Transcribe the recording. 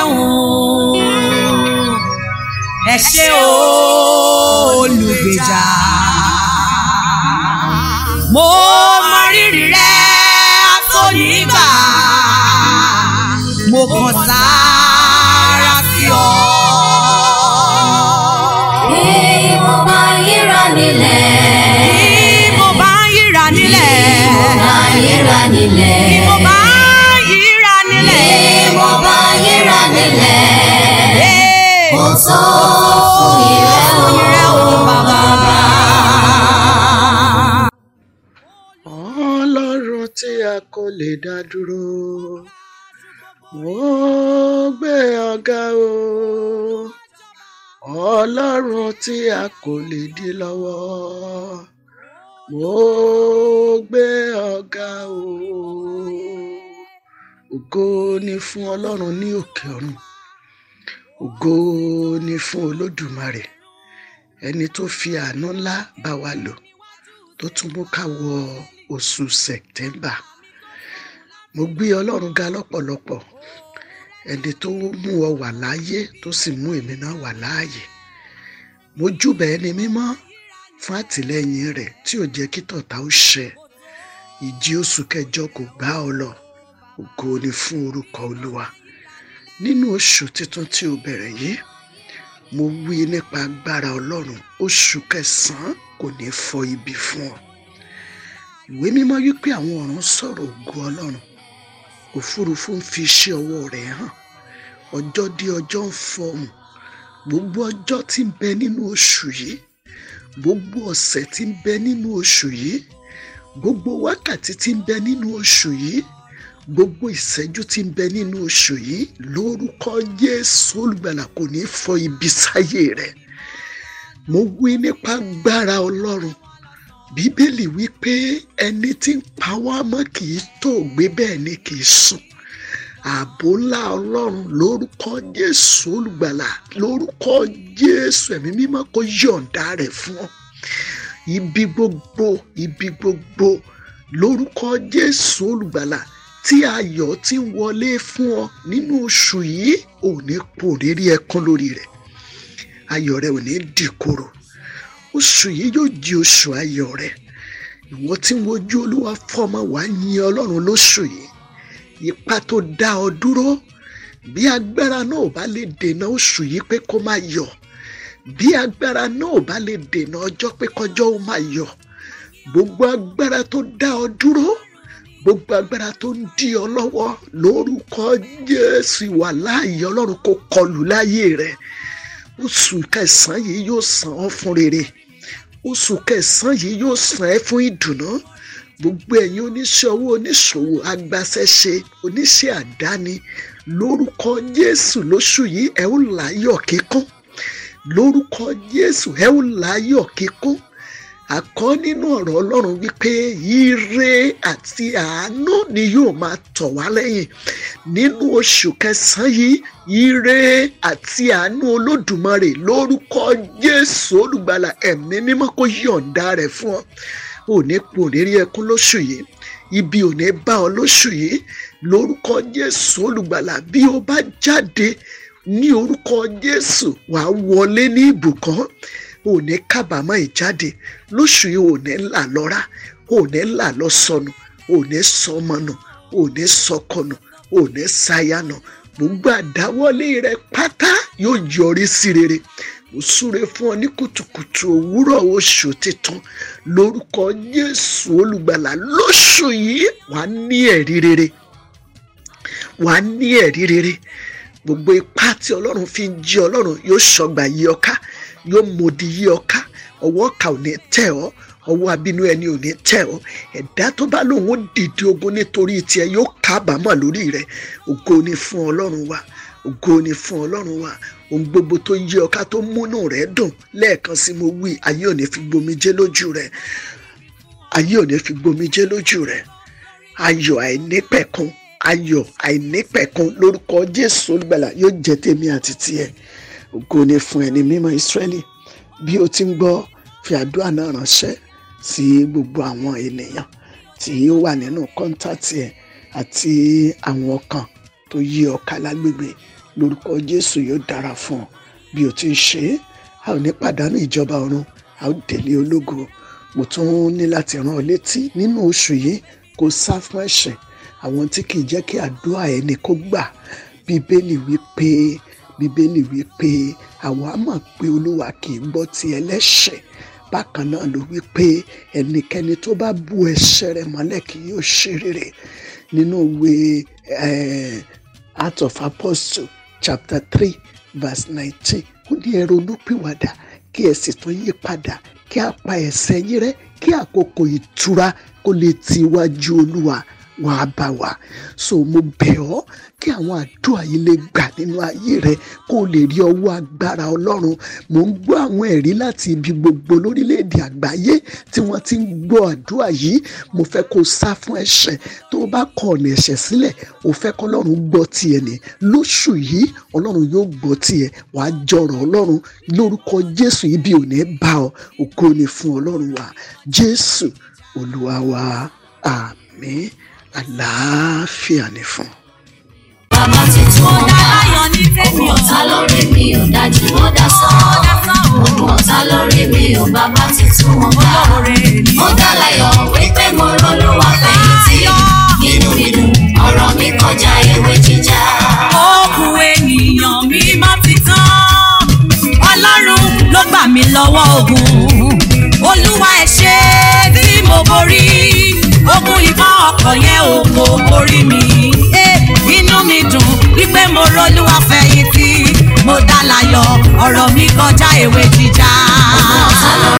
lẹ́hùn ẹ ṣé olùgbèjà mo mọ rírì rẹ àtọ́nígbà mo kàn sára sí ọ. bí mo bá yíra nílẹ̀. bí bá yíra nílẹ̀. bí bá yíra nílẹ̀. tí a kò lè dá dúró. Mo gbé ọ̀gá o, Ọlọ́run tí a kò lè dí lọ́wọ́. Mo gbé ọ̀gá o. Ògo ni fún Ọlọ́run ní òkè ọ̀run. Ògo ni fún Olódùmarè ẹni tó fi àánú ńlá bá wa lò tó tún mú ká wọ oṣù September mo gbé Ọlọ́run ga lọ́pọ̀lọpọ̀ ẹni tó mú ọ wà láàyè tó sì mú èmi náà wà láàyè mo júbà ẹni mímọ́ fún àtìlẹ́yìn rẹ̀ tí ò jẹ́ kí tọ̀tá ó ṣẹ ìjì oṣù kẹjọ kò gbá ọ lọ ògo ni fún orúkọ Olúwa nínú oṣù tuntun tí o bẹ̀rẹ̀ yìí mo wí nípa agbára Ọlọ́run oṣù kẹsàn-án kò ní fọ ibi fún ọ ìwé mímọ́ wípé àwọn ọ̀run sọ̀rọ̀ ògo ọlọ́run òfurufú ń fi iṣẹ́ ọwọ́ rẹ̀ hàn ọjọ́ dé ọjọ́ ń fọhùn gbogbo ọjọ́ tí ń bẹ nínú oṣù yìí gbogbo ọ̀sẹ̀ tí ń bẹ nínú oṣù yìí gbogbo wákàtí tí ń bẹ nínú oṣù yìí gbogbo ìṣẹ́jú tí ń bẹ nínú oṣù yìí lórúkọ Jésù olùgbàlà kò ní fọ ibi sáyé rẹ̀ mo wí nípa agbára Ọlọ́run bíbélì wípé ẹni tí ń pa wá mọ́ kì í tòògbé bẹ́ẹ̀ ni kì í sùn ààbò ńlá ọlọ́run lórúkọ jésù olùgbàlà lórúkọ jésù ẹ̀mí mímọ́ kó yọ̀ǹda rẹ̀ fún ọ ibi gbogbo ibi gbogbo lórúkọ jésù olùgbàlà tí ayọ̀ ti ń wọlé fún ọ nínú oṣù yìí ò ní pòrírí ẹkún lórí rẹ̀ ayọ̀ rẹ̀ ò ní dìkorò oṣù yìí yóò di oṣù ayọ̀ rẹ ìwọ tí ń wojú olúwa fọmọ wàá yin ọlọ́run lóṣù yìí ipá tó dá ọ dúró bí agbára náà ò bá lè dènà oṣù yìí pé kó máa yọ̀ bí agbára náà bá lè dènà ọjọ́ pé kọjọ́ ó máa yọ̀ gbogbo agbára tó dá ọ dúró gbogbo agbára tó ń dí ọ lọ́wọ́ lórúkọ Jésù wà láàyè ọlọ́run kò kọlù láyé rẹ̀ oṣù kẹsàn-án yìí yóò san ọ́ fún rere oṣù kẹsàn yìí yóò san ẹ́ fún ìdùnnú gbogbo ẹ̀yin oníṣẹ́ owó oníṣòwò agbaṣẹ́ṣe oníṣẹ́ àdáni lórúkọ Jésù lóṣù yìí ẹ ó láyọ̀ kíkún lórúkọ Jésù ẹ ó láyọ̀ kíkún àkọ́ nínú ọ̀rọ̀ ọlọ́run wípé ire àti àánú ni yóò máa tọ̀ wá lẹ́yìn nínú oṣù kẹsàn-án yìí ire àti àánú olódùmarè lórúkọ jésù olùgbàlà ẹ̀mí mímọ́ kó yọ̀ǹda rẹ̀ fún ọ òní kò ní rí ẹkún lóṣù yìí ibi ò bá ọ lóṣù yìí lórúkọ jésù olùgbàlà bí o bá jáde ní orúkọ jésù wàá wọlé ní ìbùkún ò ní kábàámọ̀ ìjáde lóṣù yìí ò ní là lọ́ra ò ní là lọ sọnù ò ní sọmọnù ò ní sọkọnù ò ní sayanù gbogbo àdáwọ́lé rẹ pátá yóò yọrí sí rere mo súre fún ọ ní kùtùkùtù òwúrọ̀ oṣù titun lórúkọ Jésù olùgbàlà lóṣù yìí wàá ní ẹ̀rí rere wàá ní ẹ̀rí rere gbogbo ipá tí Ọlọ́run fi ń jí Ọlọ́run yóò ṣọgbà yí ọ yóò mòdì yí ọ ká ọwọ́ ọ̀ka ò ní tẹ̀ ọ́ ọwọ́ abínú ẹni ò ní tẹ̀ ọ́ ẹ̀dá tó bá lòun dìde ogun nítorí tiẹ̀ yóò kábàámọ̀ lórí rẹ̀ ògo ni fún ọlọ́run wa ògo ni fún ọlọ́run wa ohun gbogbo tó yí ọ ká tó múnú rẹ̀ dùn lẹ́ẹ̀kan sí mo wí ayé ò ní fi gbomijé lójú rẹ̀ ayé ò ní fi gbomijé lójú rẹ̀ ayọ̀ àìnípẹ̀kun ayọ̀ àìnípẹ̀kun lórúkọ Jésù olùgbàlà yóò jẹ́ tèmi àti tiẹ̀ ògo ni fún ẹni mímọ́ Ísírẹ́lì bí o ti ń gbọ́ fi àdúrà náà ránṣẹ́ sí gbogbo àwọn ènìyàn tí ó wà nínú kọ́ńtàtì ẹ̀ àti àwọn kan tó yí ọ̀ka lágbègbè lórúkọ Jésù yóò dára fún ọ bí o ti ń ṣe é a ò ní pàdánù ìjọba ọ̀run a ó délé ológo mo tún ní láti rán ọ létí nínú oṣù yìí kó sá fún ẹ̀ṣẹ̀ àwọn tí kì í jẹ́ kí àdúrà ẹni kó gbà bíbélì wí pé bíbélì wí pé àwa mọ̀ pé olúwa kì í gbọ́ ti ẹlẹ́ṣẹ̀ bákan náà ló wí pé ẹnikẹ́ni tó bá bu ẹsẹ̀ rẹ̀ mọ́lẹ̀ kì yóò ṣe rere nínú ìwé eh, Acts of Apostle chapter three verse nineteen ó ní ẹ ronúpìwàdà kí ẹ sì tún yí padà kí a pa ẹ̀ṣẹ̀ yín rẹ́ kí àkókò ìtura kó lè ti olúwa wọn á bá wa so mo bẹ̀ ọ́ kí àwọn àdúrà yìí lè gbà nínú ayé rẹ kó o lè rí ọwọ́ agbára ọlọ́run mò ń gbọ́ àwọn ẹ̀rí láti ibi gbogbo lórílẹ̀‐èdè àgbáyé tí wọ́n ti ń gbọ́ àdúrà yìí mo fẹ́ kó o sá fún ẹ̀ṣẹ̀ tó o bá kọ ọ̀nà ẹ̀ṣẹ̀ sílẹ̀ o fẹ́ kọ́ ọlọ́run gbọ́ tiẹ̀ ní lóṣù yìí ọlọ́run yóò gbọ́ tiẹ̀ wàá jọrọ̀ ọlọ́run lórúkọ jésù ibi ò ní bá ọ ògo ni fún ọlọ́run wa jésù olúwa wa àmín àlàáfíà ni fún bàbá tuntun ọ̀dà ayọ̀ ní fẹ́mi ọ̀tá lórí mi ọ̀dájú ó dá sọ́ ogun ọ̀tá lórí mi ò bàbá tuntun ọ̀dà ó dá láyọ̀ wípé mo rọ́lúwa. ọ̀yẹ́ òkò orí mi. Eh, inú mi dùn wípé mo rọ́lú àfẹ̀yìntì mo dá láyọ̀ ọ̀rọ̀ mi kọjá ewé jíjà.